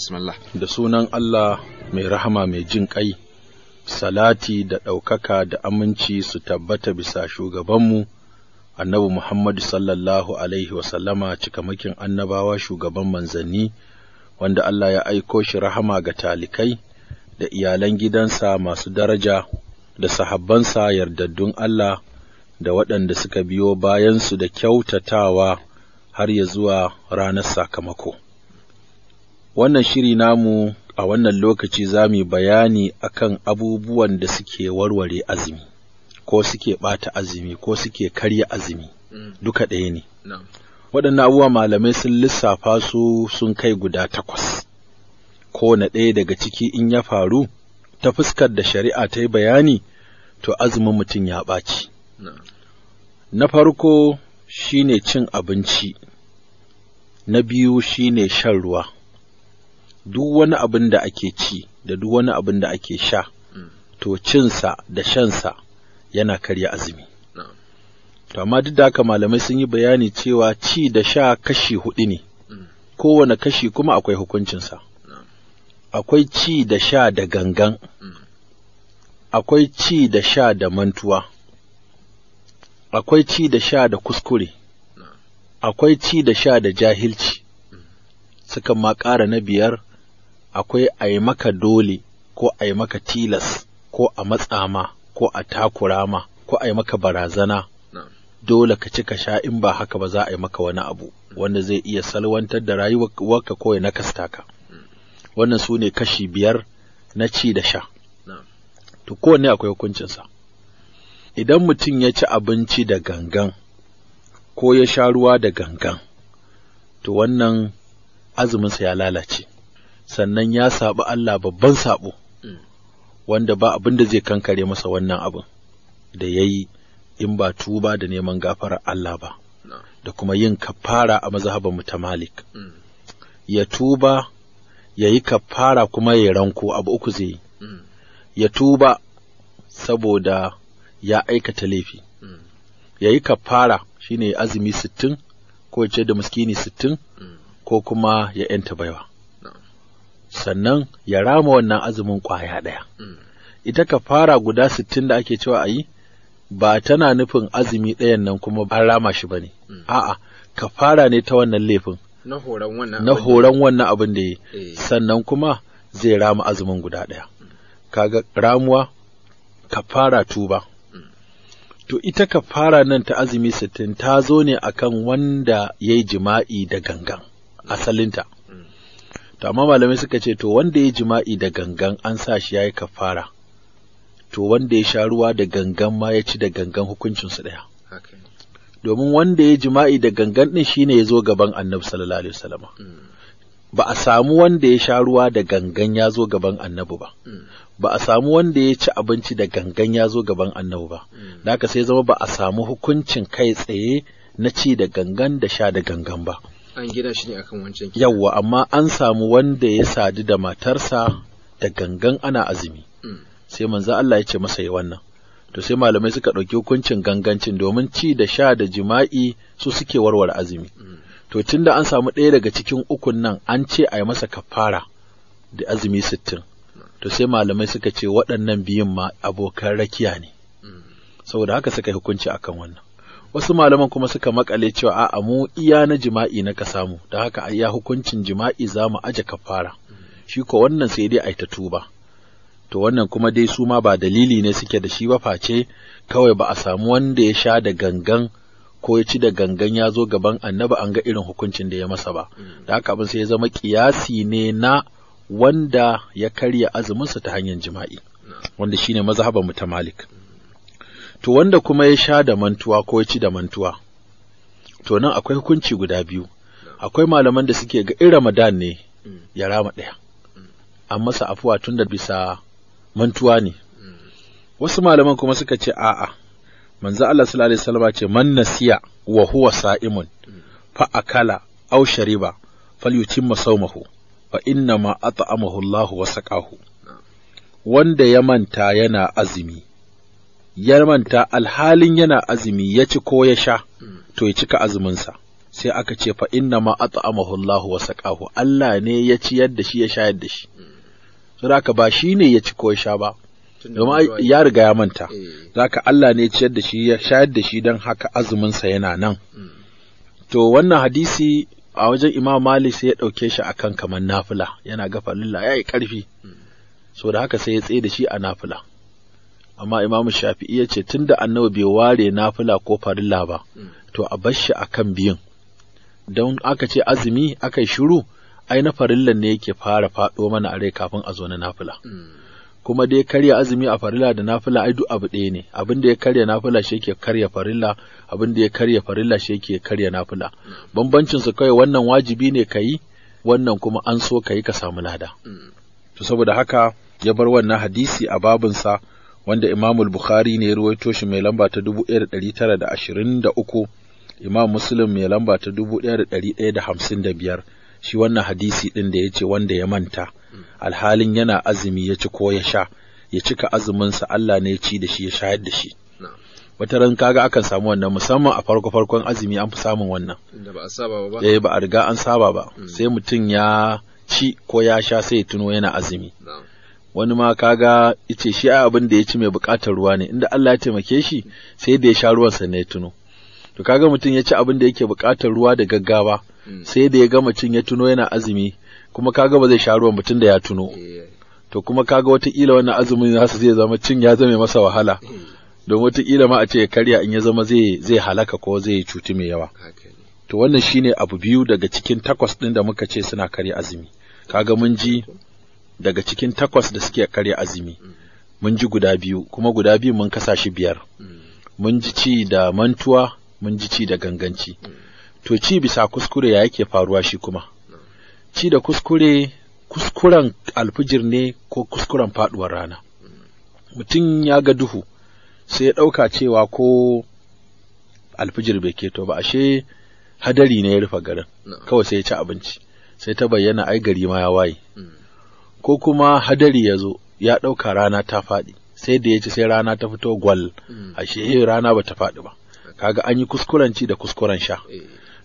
bismillah da sunan Allah mai rahama mai jin ƙai salati da ɗaukaka da aminci su tabbata bisa shugabanmu annabi Muhammadu sallallahu alaihi wasallama cikamakin annabawa shugaban manzanni wanda Allah ya aiko shi rahama ga talikai da iyalan gidansa masu daraja da sahabbansa yardaddun Allah da waɗanda suka biyo bayansu da kyautatawa har ya zuwa ranar sakamako. wannan shiri namu a wannan lokaci za mu bayani akan abubuwan da suke warware azumi ko suke ɓata azumi ko suke karya azumi mm. duka ɗaya ne waɗannan abubuwa malamai sun lissafa su sun kai guda takwas ko na ɗaya daga ciki in ya faru ta fuskar da shari'a ta yi bayani to azumin mutum ya ɓaci na farko shine cin abinci na biyu shine shan ruwa duk wani abin da ake ci da duk wani abin da ake sha mm. to cinsa da shansa yana karya azumi to amma duk da haka malamai sun yi bayani cewa ci da sha kashi hudu ne mm. kowane kashi kuma akwai hukuncinsa akwai ci da sha da gangan mm. akwai ci da sha da mantuwa akwai ci da sha da kuskure akwai ci da sha da jahilci sukan ma ƙara na biyar akwai a yi maka dole ko a yi maka tilas ko a matsama, ko a takurama, ko a yi maka barazana dole ka ci ka sha in ba haka ba za a yi maka wani abu wanda zai iya salwantar da rayuwarka ko ya nakasta ka mm. wannan su ne kashi biyar na ci da sha to kowanne akwai hukuncinsa idan mutum ya ci abinci da gangan ko ya sha ruwa da gangan to wannan azuminsa ya lalace sannan ya saɓi Allah babban saɓo mm. wanda ba abin da zai kankare masa wannan abin da ya yi in ba tuba da neman gafarar Allah ba da kuma yin kafara a mazhabar mu ta Malik mm. ya tuba ya kafara kuma ya ranko abu uku zai yi mm. ya tuba saboda ya aikata laifi ya yi kafara shine azumi sittin ko ce da miskini sittin ko kuma ya yanta baiwa sannan ya rama wannan azumin kwaya ɗaya. Hmm. Ita ka fara guda sittin da ake cewa a yi, ba tana nufin azumi ɗayan nan kuma an rama shi ba ne. Hmm. A'a, ka fara ne ta wannan laifin. Na horon wannan abin da ya yi, eh. sannan kuma zai rama azumin guda ɗaya. Hmm. Ka ga ramuwa, ka fara tuba. To ita ka fara nan ta azumi sittin ta zo ne akan wanda ya yi jima'i da gangan asalinta. to amma malamai suka ce to wanda ya jima'i da gangan an sa shi yayi kafara to wanda ya sha ruwa da gangan ma ya ci da gangan hukuncinsu daya Domin wanda ya jima'i da gangan ɗin shine ya zo gaban annabi sallallahu alaihi wasallam. Mm. Ba a samu wanda ya sha ruwa da gangan ya zo gaban annabi ba. Mm. Ba a samu wanda ya ci abinci da gangan ya zo gaban annabi ba. Da mm. haka sai zama ba a samu hukuncin kai tsaye na ci da gangan da sha da gangan ba. an gina shi ne akan wancan yawwa amma an samu wanda ya sadu da matarsa da gangan ana azumi mm. sai manzo Allah ya ce masa yi wannan to sai malamai suka ɗauki hukuncin gangancin domin ci da sha da jima'i su suke warware azumi mm. to tunda an samu ɗaya daga cikin ukun nan an ce a yi masa kafara da azumi sittin to sai malamai suka ce waɗannan biyun ma abokan rakiya ne mm. saboda haka suka yi hukunci akan wannan wasu malaman kuma suka makale cewa a'a mu iya na jima'i na ka samu da haka a iya hukuncin jima'i za mu aje fara shi ko wannan sai dai ai ta tuba to wannan kuma dai su ma ba dalili ne suke da shi ba face kawai ba a samu wanda ya sha da gangan ko ya ci da gangan ya zo gaban annabi an ga irin hukuncin da ya masa ba mm. da haka abin sai ya zama kiyasi ne na wanda ya karya azuminsa ta hanyar jima'i wanda shine mazhaban mu ta Malik to wanda kuma ya sha da mantuwa ko ya ci da mantuwa to nan akwai hukunci guda biyu akwai malaman da suke ga ramadan ne ya rama ɗaya an masa afuwa tun da bisa mantuwa ne wasu malaman kuma suka ce a'a manzo Allah sallallahu alaihi wasallam ce man nasiya wa huwa sa'imun fa akala aw shariba falyutimma sawmahu fa inna ma at'amahu Allah wa saqahu wanda ya manta yana azumi ya manta alhalin yana azumi ya ci ko ya sha to ya cika azuminsa sai aka ce fa inna ma at'amahu Allahu wa saqahu Allah ne ya ci yadda shi ya shayar da shi saboda ba shi ne ya ci ko ya sha ba domin ya riga ya manta zaka eh. Allah ne ya ci yadda shi ya shayar da shi dan haka azuminsa yana nan to wannan hadisi a wajen Imam Malik sai ya dauke shi akan kaman nafila yana ga falilla yayi karfi saboda haka sai ya tsaye da shi a nafila amma imam shafi'i ya ce tun da annabi bai ware nafila ko farilla ba to a bar shi akan biyun don aka ce azumi aka yi shiru ai na farillan ne yake fara faɗo mana a rai kafin a zo na nafila kuma dai karya azumi a farilla da nafila ai duk abu ɗaya ne abin da ya karya nafila shi yake karya farilla abin da ya karya farilla shi yake karya nafila bambancin su kai wannan wajibi ne kayi wannan kuma an so ka yi ka samu lada to saboda haka ya bar wannan hadisi a babinsa wanda Imamul Bukhari ne ya ruwaito shi mai lamba ta 1923 Imam Muslim mai lamba ta 1155 shi wannan hadisi din da ya ce wanda ya manta alhalin yana azumi ya ci ko ya sha ya cika azuminsa Allah ne ya ci da shi ya shayar da shi wata ran kaga akan samu wannan musamman a farko farkon azumi an fi samun wannan ba a eh ba a riga an saba ba hmm. sai mutum ya ci ko ya sha sai ya tuno yana azumi wani ma kaga ice shi abin da ya ci mai bukatar ruwa ne inda Allah ya taimake shi sai da ya sha ruwan sa ne tuno to kaga mutum ya ci abin da yake bukatar ruwa da gaggawa hmm. sai da ya ga mutum ya tuno yana azumi kuma kaga ba zai sha ruwan mutum da ya tuno eh, eh. to kuma kaga watakila wannan azumin nasa zai zama cin ya zame masa wahala hmm. don watakila ma a ce ya karya in ya zama zai zai halaka ko zai cuti mai yawa to wannan shine abu biyu daga cikin takwas din da muka ce suna karya azumi kaga mun ji daga cikin takwas da suke karya azumi mun ji guda biyu kuma guda biyu mun kasa shi biyar mun ji ci da mantuwa mun ji ci da ganganci to ci bisa kuskure ya yake faruwa shi kuma ci da kuskure kuskuren alfijir ne ko kuskuren faduwar rana mutum ya ga duhu sai ya ɗauka cewa ko alfijir bai keto ba ashe hadari ne ya rufe garin kawai sai ya ci abinci sai ta bayyana ai gari ma ya waye ko kuma hadari ya zo ya ɗauka rana ta faɗi sai da ya ci sai rana ta fito gwal hmm. ashe eh, rana ba ta faɗi ba kaga an yi kuskuranci da kuskuren sha eh.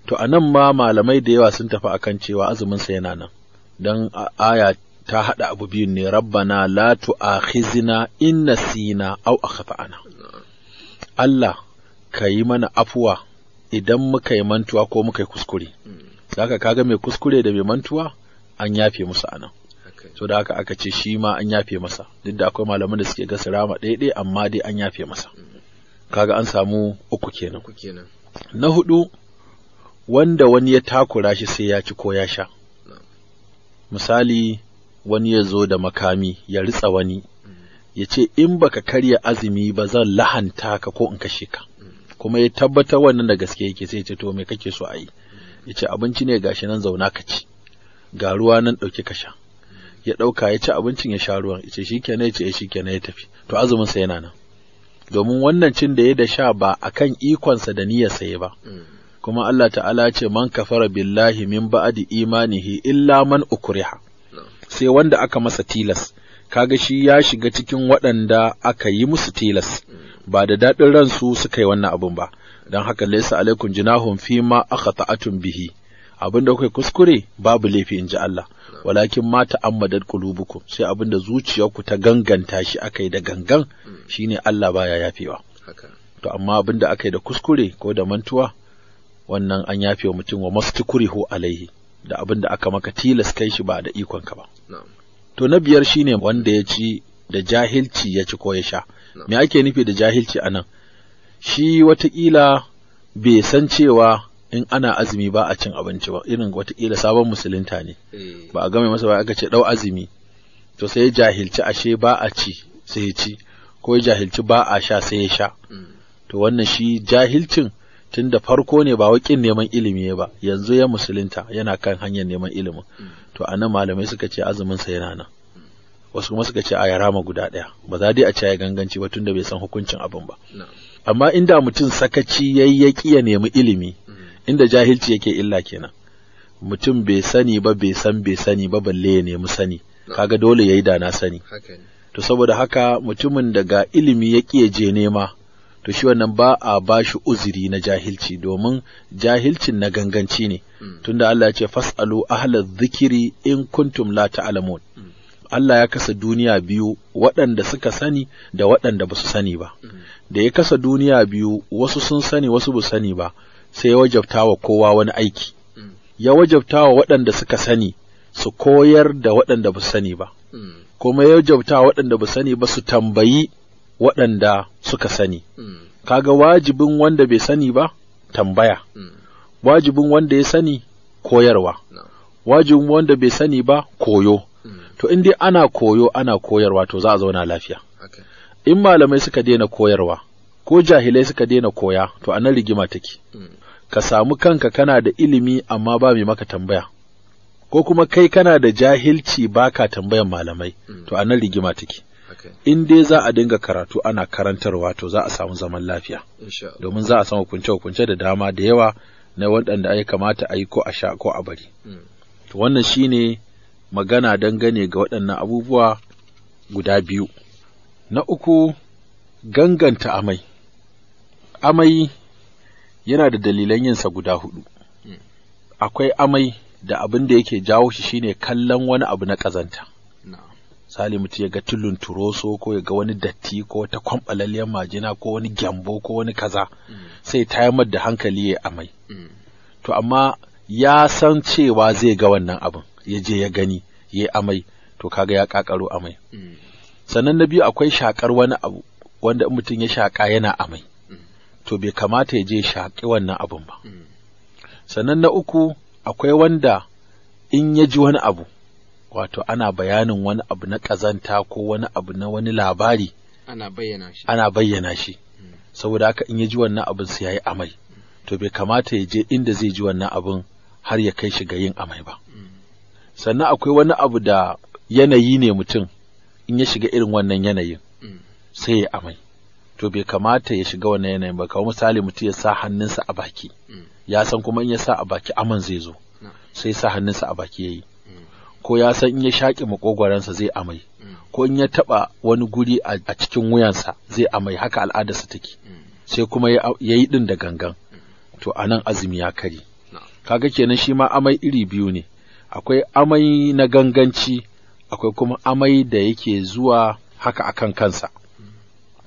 to a nan ma malamai da yawa sun tafi akan cewa azumin sa yana nan dan aya ta haɗa abu biyun ne rabbana la tu'akhizna in nasina aw akhtana Allah ka yi mana afuwa idan muka yi mantuwa ko muka yi kuskure zaka hmm. kaga mai kuskure da mai mantuwa an yafe musu anan so da haka aka ce shi ma an yafe masa duk da akwai malaman da suke ga sirama ɗaya amma dai an yafe masa kaga an samu uku kenan na hudu wanda wani ya takura shi sai ya ci ko ya sha misali wani ya zo da makami ya ritsa wani ya ce in baka karya azumi ba zan lahanta ka ko in kashe ka kuma ya tabbatar wannan da gaske yake sai ya ce to me kake so a yi ya ce abinci ne gashi nan zauna ka ci ga ruwa nan ɗauke ka sha ya ɗauka ya ci abincin ya sha ruwan ce shi kenan ya ce shi kenan eh, ya tafi to azumin sa yana nan domin wannan cin da ya da sha ba a kan ikonsa da niyyar sa ba mm. kuma Allah ta'ala ya ce man kafara billahi min ba'di imanihi illa man ukriha sai wanda aka masa tilas kaga shi ya shiga cikin waɗanda aka yi musu tilas mm. ba da daɗin ransu suka yi wannan abun ba don haka laisa alaikum jinahum Fima ma bihi abin da kai kuskure babu laifi in ji Allah walakin ma ta'ammadat qulubukum sai abin da zuciyarku ta ganganta shi akai da gangan shine Allah baya yafewa to amma abin da akai da kuskure ko da mantuwa wannan an yafewa mutum wa mastukurihu alaihi da abin da aka maka tilas kai shi ba da ikon ka ba to na biyar shine wanda ya ci da jahilci ya ci ko ya sha me ake nufi da jahilci anan shi watakila bai san cewa in ana azumi ba a cin abinci ba irin watakila sabon musulunta ne ba a game masa ba aka ce ɗau azumi to sai jahilci ashe ba a ci sai ya ci ko ya jahilci ba a sha sai ya sha to wannan shi jahilcin tun da farko ne ba wakin neman ilimi ba yanzu ya musulunta yana kan hanyar neman ilimin to a nan malamai suka ce azumin sa yana nan wasu kuma suka ce a ya rama guda ɗaya ba za dai a ce ya ganganci ba da bai san hukuncin abin ba amma inda mutum sakaci yayyaki ya nemi ilimi inda jahilci yake illa kenan mutum bai sani ba bai san bai sani ba balle ya nemi sani kaga dole yayi da na sani to saboda haka mutumin daga ilimi ya je nema to shi wannan ba a ba shi uzuri na jahilci domin jahilcin na ganganci ne hmm. tunda Allah ya ce fasalu ahla zikiri in kuntum la ta'lamun hmm. Allah ya kasa duniya biyu waɗanda suka sani da waɗanda ba su sani ba. Hmm. Da ya kasa duniya biyu wasu sun sani wasu ba sani ba, sai ya wajabta wa kowa wani aiki mm. ya wajabta wa waɗanda suka sani su koyar da waɗanda ba sani ba mm. kuma ya wajabta waɗanda ba sani ba su tambayi waɗanda suka sani mm. kaga wajibin wanda bai sani ba tambaya wajibin wanda ya sani koyarwa wajibin wanda bai sani ba koyo to in dai ana koyo ana koyarwa to za a zauna lafiya in malamai suka daina koyarwa ko jahilai suka daina koya to a nan rigima take mm. ka samu kanka kana da ilimi amma ba mai maka tambaya ko kuma kai kana da jahilci ba ka tambayan malamai mm. to nan rigima take okay. in dai za a dinga karatu ana karantarwa to za a samu zaman lafiya domin za a samu hukunce hukunce da dama da yawa na waɗanda ai kamata a yi ko a sha ko a bari mm. to wannan shine magana dangane ga waɗannan abubuwa guda biyu na uku ganganta amai amai yana da dalilan yinsa guda hudu hmm. akwai amai da abin da yake jawo shi shine kallon wani abu na ƙazanta sali mutum ya ga tulun turoso ko ya ga wani datti ko wata kwamɓalalliyar majina ko wani gyambo ko wani kaza hmm. sai tayamar da hankali ya amai hmm. to amma ya san cewa zai ga wannan abin ya je ya gani ya amai to kaga ya kakaro amai sannan na biyu akwai shakar wani abu wanda mutum ya shaka yana amai to bai kamata ya je shaƙi wannan abun ba mm. sannan na uku akwai wanda in ya ji wani abu wato ana bayanin wani abu na ƙazanta ko wani abu na wani labari ana bayyana shi mm. saboda haka in ya ji wannan abin sai yayi amai to bai kamata ya je inda zai ji wannan abin har ya kai shi ga yin amai ba mm. sannan akwai wani abu da yanayi ne mutum in ya shiga irin wannan yanayin sai ya amai to bai kamata ya shiga wannan yanayin ba kawai misali mutum ya sa hannunsa a baki mm. ya san kuma in ya sa a baki aman zai zo sai sa hannunsa a baki yayi mm. ko ya san in ya shaƙe makogwaransa zai amai mm. ko in ya taɓa wani guri a cikin wuyansa zai amai haka al'adarsa take sai kuma ya yi ɗin da gangan to a nan azumi ya kare kaga kenan shi ma amai iri biyu ne akwai amai na ganganci akwai kuma amai da yake zuwa haka akan kansa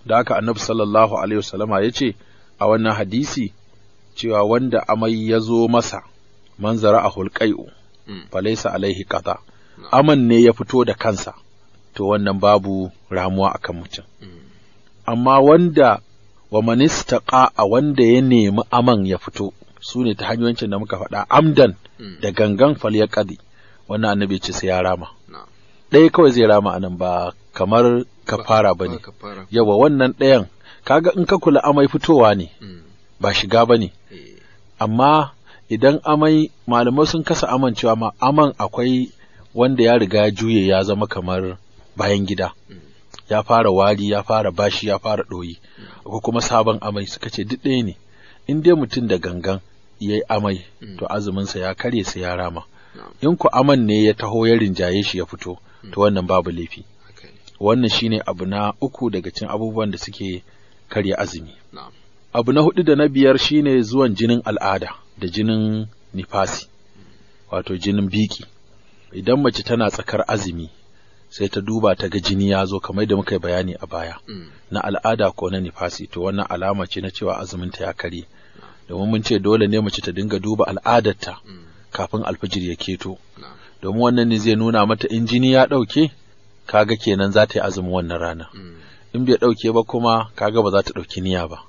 da haka annabi sallallahu alaihi wasallama ya ce a wannan hadisi cewa wanda amai ya zo masa manzara a hulƙai'u hmm. falaisa alaihi kaza aman ne ya fito da kansa to wannan babu ramuwa akan mutum hmm. amma wanda wa manista a wanda ya nemi aman ya fito su ne ta hanyoyin da muka faɗa amdan hmm. da gangan fal ya ƙadi wannan annabi ce sai ya rama ɗaya kawai zai rama anan ba kamar kafara ba ne yawa wannan ɗayan kaga in ka kula amai fitowa ne mm. ba shiga ba ne eh. amma idan amai malamai sun kasa amincewa ma aman akwai wanda ya riga juye ya zama kamar bayan gida mm. ya fara wari ya fara bashi ya fara ɗoyi mm. akwai kuma sabon amai suka ce duk ɗaya ne in dai mutum da gangan ya yi amai to azuminsa ya karye sai ya rama in ku aman ne ya taho ya rinjaye shi ya fito to wannan babu laifi wannan shine abu na uku daga cikin abubuwan da suke karya azumi abu na hudu da na biyar shine zuwan jinin al'ada da jinin nifasi wato jinin biki idan mace tana tsakar azumi sai ta duba ta ga jini ya zo kamar da muka yi bayani a baya mm. na al'ada ko na nifasi to wannan alama ce na cewa azuminta ya kare domin mun ce dole ne mace ta dinga duba al'adarta ta mm. kafin alfajir ya keto domin wannan ne zai nuna mata in jini ya ɗauke kaga kenan za ta yi azumin wannan rana hmm. in bai ɗauke ba kuma kaga ba za ta ɗauki niyya ba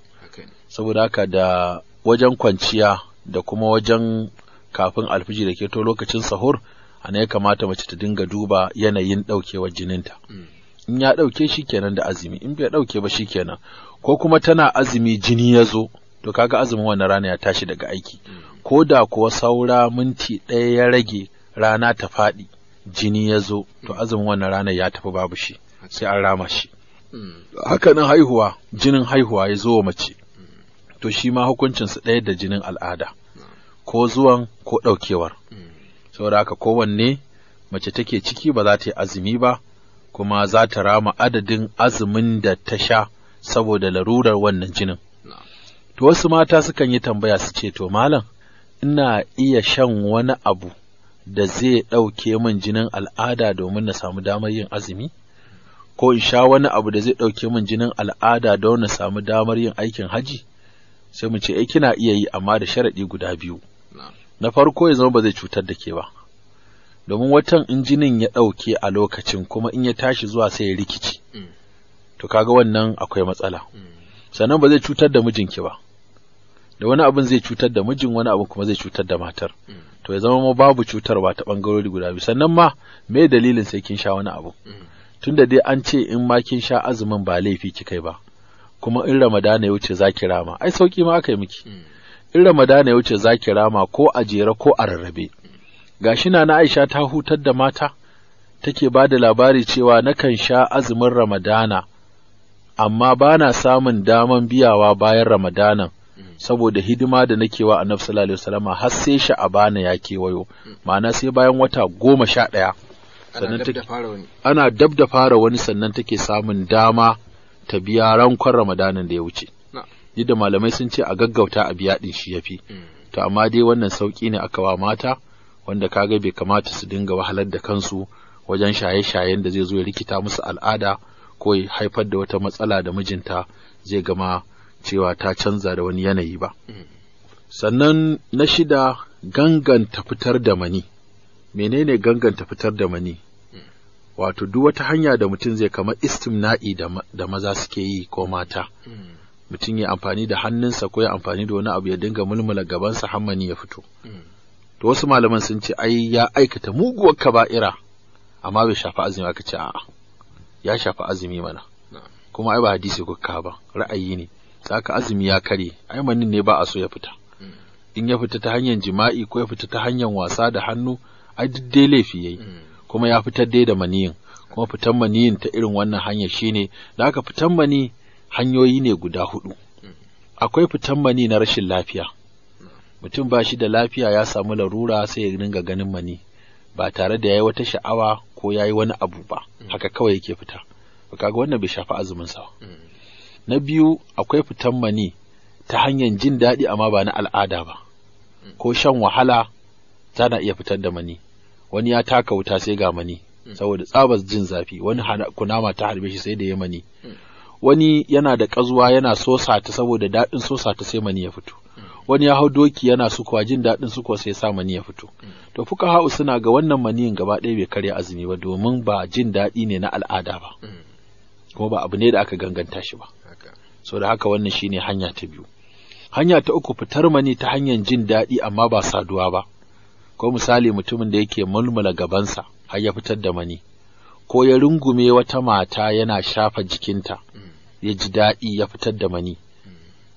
saboda haka da wajen kwanciya da kuma wajen kafin alfiji da ke to lokacin sahur a ya kamata mace ta dinga duba yanayin ɗaukewar jininta hmm. in ya ɗauke shi kenan da azumi in bai ɗauke ba shi kenan ko kuma tana azumi jini ya zo to kaga azumin wannan rana ya tashi daga aiki hmm. ko da kuwa saura minti ɗaya ya rage rana ta faɗi jini ya zo to hmm. azumin wannan ranar ya tafi babu shi sai an rama shi hmm. hakanan haihuwa jinin haihuwa ya zo wa mace hmm. to shi ma hukuncinsa ɗaya da jinin al'ada ko zuwan ko ɗaukewar saboda haka kowanne mace take ciki ba za ta yi azumi ba kuma za ta rama adadin azumin da ta sha saboda larurar wannan jinin to wasu mata sukan yi tambaya su ce to malam ina iya shan wani abu da zai ɗauke min jinin al'ada domin na samu damar yin azumi ko in sha wani abu da zai ɗauke min jinin al'ada don na samu damar yin aikin haji sai mu ce eh kina iya yi amma da sharaɗi guda biyu na farko ya zama ba zai cutar da ke ba domin watan in jinin ya ɗauke a lokacin kuma in ya tashi zuwa sai ya rikici mm. to kaga wannan akwai matsala mm. sannan ba zai cutar da mijinki ba da wani abin zai cutar da mijin wani abu kuma zai cutar da matar to ya zama ma babu cutarwa ta bangarori guda biyu sannan ma me dalilin sai kin sha wani abu tunda dai an ce in ma kin sha azumin ba laifi kikai ba kuma in ramadana ya wuce zaki rama ai sauki ma aka yi miki in ramadana ya wuce zaki rama ko a jere ko a rarrabe gashi na na Aisha ta hutar da mata take ba da labari cewa nakan sha azumin ramadana amma bana samun daman biyawa bayan ramadanan Mm. saboda hidima da nake wa annabi sallallahu alaihi wasallama har sai bana ya kewayo mm. ma'ana sai bayan wata goma sha ɗaya sannan take ana dab da fara wani sannan take samun dama ta biya rankon ramadanin da ya wuce yadda malamai sun ce a gaggauta a biya din shi yafi mm. to amma dai wannan sauki ne aka wa mata wanda kaga bai kamata su dinga wahalar da kansu wajen shaye-shayen da zai zo ya rikita musu al'ada ko haifar da wata matsala da mijinta zai gama cewa ta canza da wani yanayi ba. Mm. Sannan na shida ganganta fitar da mani, menene ganganta fitar da mani? Mm. Wato, duk wata hanya da mutum zai kama istimna'i da maza suke yi ko mata, mm. mutum ya amfani da hannunsa ko ya amfani da wani abu ya dinga mulmula gabansa hammani ya fito. To, wasu malaman sun ce, ai, ya aikata muguwar kaba'ira, amma bai shafi azumi aka ce, a'a, ya shafi azumi mana, kuma ai ba hadisi kuka ba, ra'ayi ne. saka azumi ya kare ai manin ne ba a so ya fita in ya fita ta hanyar jima'i ko ya fita ta hanyar wasa da hannu ai duk dai laifi yayi kuma ya fita dai da maniyin kuma fitan maniyin ta irin wannan hanya shine da aka fitan mani hanyoyi ne guda hudu akwai fitan mani na rashin lafiya mutum ba shi da lafiya ya samu larura sai ya dinga ganin mani ba tare da yayi wata sha'awa ko yayi wani abu ba haka kawai yake fita kaga wannan bai shafi azumin sa na biyu akwai fitan mani ta hanyar jin daɗi amma ba na al'ada ba ko shan wahala tana iya fitar da mani wani ya taka wuta sai ga mani hmm. saboda tsabas jin zafi wani kunama ta harbe shi sai da ya mani hmm. wani yana da kazuwa yana sosa ta saboda daɗin sosa ta sai mani ya fito hmm. wani ya hau doki yana sukuwa jin daɗin sukuwa sai sa mani ya fito to fuka ha'u suna ga wannan maniyin gaba ɗaya bai karya azumi ba domin ba jin daɗi ne na al'ada ba kuma ba abu ne da aka ganganta shi ba so da haka wannan shine hanya ta biyu hanya ta uku fitar mani ta hanyar jin daɗi amma ba saduwa ba ko misali mutumin da yake mulmula gabansa har ya fitar da mani ko ya rungume wata mata yana shafa jikinta ya ji daɗi ya fitar da mani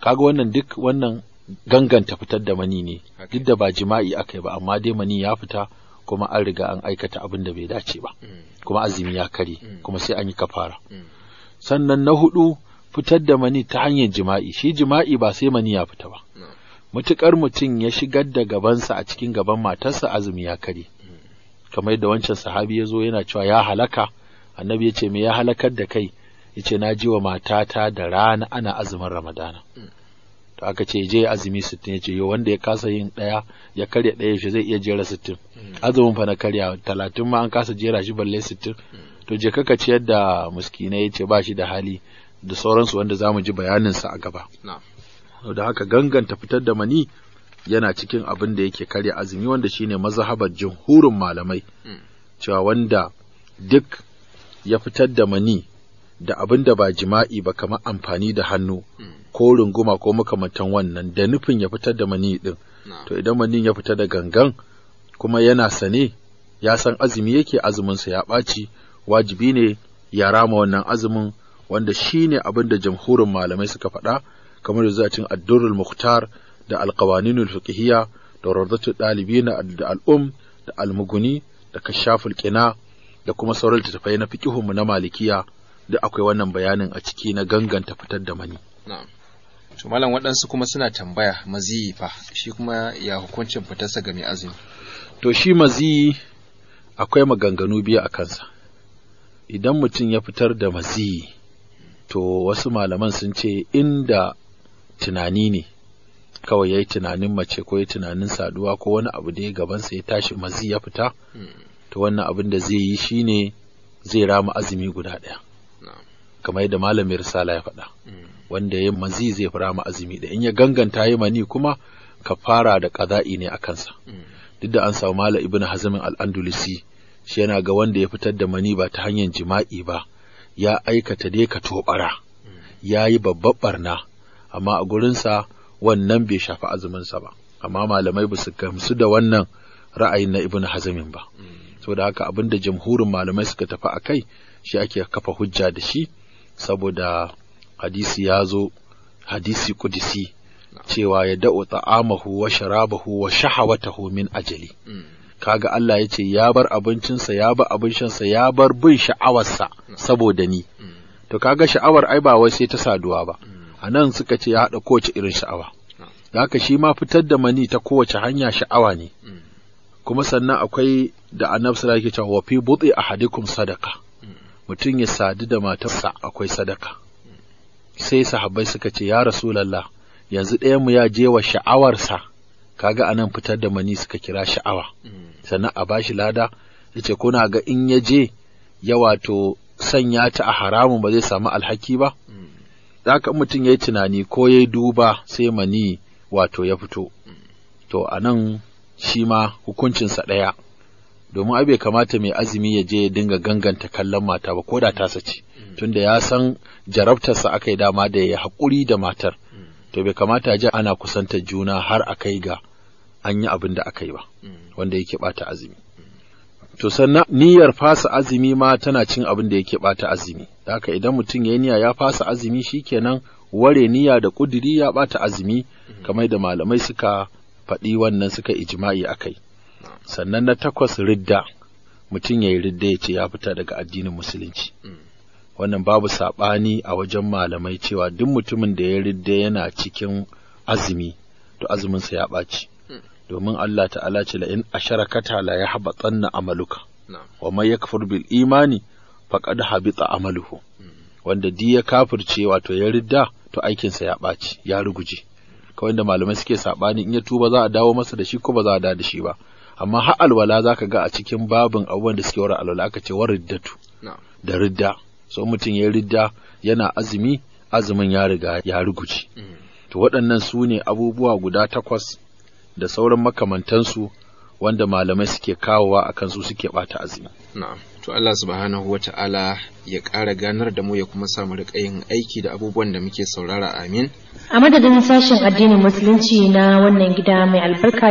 kaga wannan duk wannan ganganta fitar da mani ne duk da ba jima'i aka ba amma dai mani ya fita kuma an riga an aikata abin da bai dace ba mm. kuma azumi ya kare mm. kuma sai an yi kafara mm. sannan na hudu fitar da mani ta hanyar jima'i shi jima'i ba sai mani ya fita ba mutukar mutum ya shigar da gabansa a cikin gaban matarsa azumi ya kare kamar yadda wancan sahabi ya zo yana cewa ya halaka annabi ya ce me ya halakar da kai ya ce na ji wa matata da rana ana azumin ramadana to aka ce je azumi sittin ya ce yo wanda ya kasa yin ɗaya ya karya ɗaya shi zai iya jera sittin azumin fa na karya talatin ma an kasa jera shi balle sittin to je kaka ciyar da muskina ya ce ba shi da hali da sauransu wanda zamu ji bayanin sa a gaba. Da haka ganganta fitar da mani yana cikin abin da yake karya azumi wanda shine mazhabar jumhurin malamai hmm. cewa wanda duk ya fitar da mani da abin da ba jima'i ba kamar amfani da hannu hmm. ko runguma ko makamantan wannan da nufin ya fitar da mani ɗin. to idan mani ya fita da gangan kuma yana sane ya san azumi yake azuminsa ya ɓaci wajibi ne ya rama wannan azumin wanda shine abin da jamhurin malamai suka faɗa kamar da zacin addurul muhtar da alqawaninul fiqhiyya da rawdatu dalibina da al'um da almuguni da kashaful qina da kuma sauran littattafai na mu na malikiya da akwai wannan bayanin a ciki na ganganta fitar da mani to malam waɗansu kuma suna tambaya maziyi fa shi kuma ya hukuncin fitarsa ga mai azumi to shi maziyi akwai maganganu biyu a kansa idan mutum ya fitar da maziyi to wasu malaman sun ce inda tunani ne kawai ya yi tunanin mace ko ya tunanin saduwa ko wani abu da ya gabansa ya tashi mazi ya fita to wannan abin da zai yi shine zai rama azumi guda ɗaya kamar yadda malamin risala ya faɗa mm. wanda ya mazi zai fi rama azumi da in ya ganganta yi mani kuma ka fara da ƙaza'i ne a kansa mm. duk da an samu mala ibn Hazamin al shi yana ga wanda ya fitar da mani ba ta hanyar jima'i ba ya aikata dai ka tobara ya yi babbar barna amma a gurinsa wannan bai shafi azuminsa ba amma malamai ba gamsu da wannan ra'ayin na ibn hazamin ba saboda haka abin da jamhurin malamai suka tafi a kai shi ake kafa hujja da shi saboda hadisi ya zo hadisi kudisi cewa ya da'u ta'amahu wa sharabahu wa shahawatahu min ajali kaga Allah ya ce ya bar abincinsa ya bar abin shansa ya bar bin sha'awarsa saboda ni to kaga sha'awar ai ba wai sai ta saduwa ba a nan suka ce ya haɗa kowace irin sha'awa haka shi ma fitar da mani ta kowace hanya sha'awa ne kuma sannan akwai da annabi sallallahu yake wasallam wa fi buti ahadikum sadaka mutum ya sadu da matarsa akwai sadaka sai sahabbai suka ce ya rasulallah yanzu ɗayan mu ya je wa sha'awarsa kaga anan fitar da mani suka kira sha'awa mm. sannan a bashi lada yace na ga in ya je ya wato sanya ta a haramun ba zai samu alhaki ba haka mm. mutum ya yi tunani ko ya duba sai mani wato ya fito mm. to anan shi ma hukuncinsa ɗaya domin abe bai kamata mai azumi ya je ya dinga ganganta kallon mata ba ko da ta sace tunda ya san jarabtarsa aka yi dama da ya hakuri da matar to bai kamata ji ana kusanta juna har a kai ga an yi abin da aka yi ba mm. wanda yake bata azumi to sannan niyyar fasa azumi ma tana cin abin da yake bata azumi haka idan mutum ya yi niyya ya fasa azumi shikenan ware niyya da ƙudiri ya bata azumi mm. kamar da malamai suka faɗi wannan suka ijima'i a kai. sannan na takwas ridda mutum ya yi ridda ya ce ya fita daga addinin musulunci mm. wannan babu saɓani a wajen malamai cewa duk mutumin da ya ridda yana cikin azumi to azuminsa ya ɓaci domin Allah ta'ala ce la in asharakata la ya yahbatanna amaluka wa ya kafar bil imani faqad habita amaluhu wanda di ya kafirce wato ya ridda to aikinsa ya ɓaci ya ruguje kawai da malamai suke saɓani in ya tuba za a dawo masa da shi ko ba za a dawo da shi ba amma har alwala za ka ga a cikin babin abubuwan da suke wara alwala aka ce wa riddatu da ridda so mutum ya ridda yana azumi azumin ya riga ya ruguje mm. to waɗannan su ne abubuwa guda takwas da sauran makamantansu wanda malamai suke kawowa a kansu suke bata azumi. Na'am. To Allah subhanahu wa ta'ala ya ƙara ganar da mu ya kuma sa mu riƙa yin aiki da abubuwan da muke saurara amin. A madadin sashen addinin musulunci na wannan gida mai albarka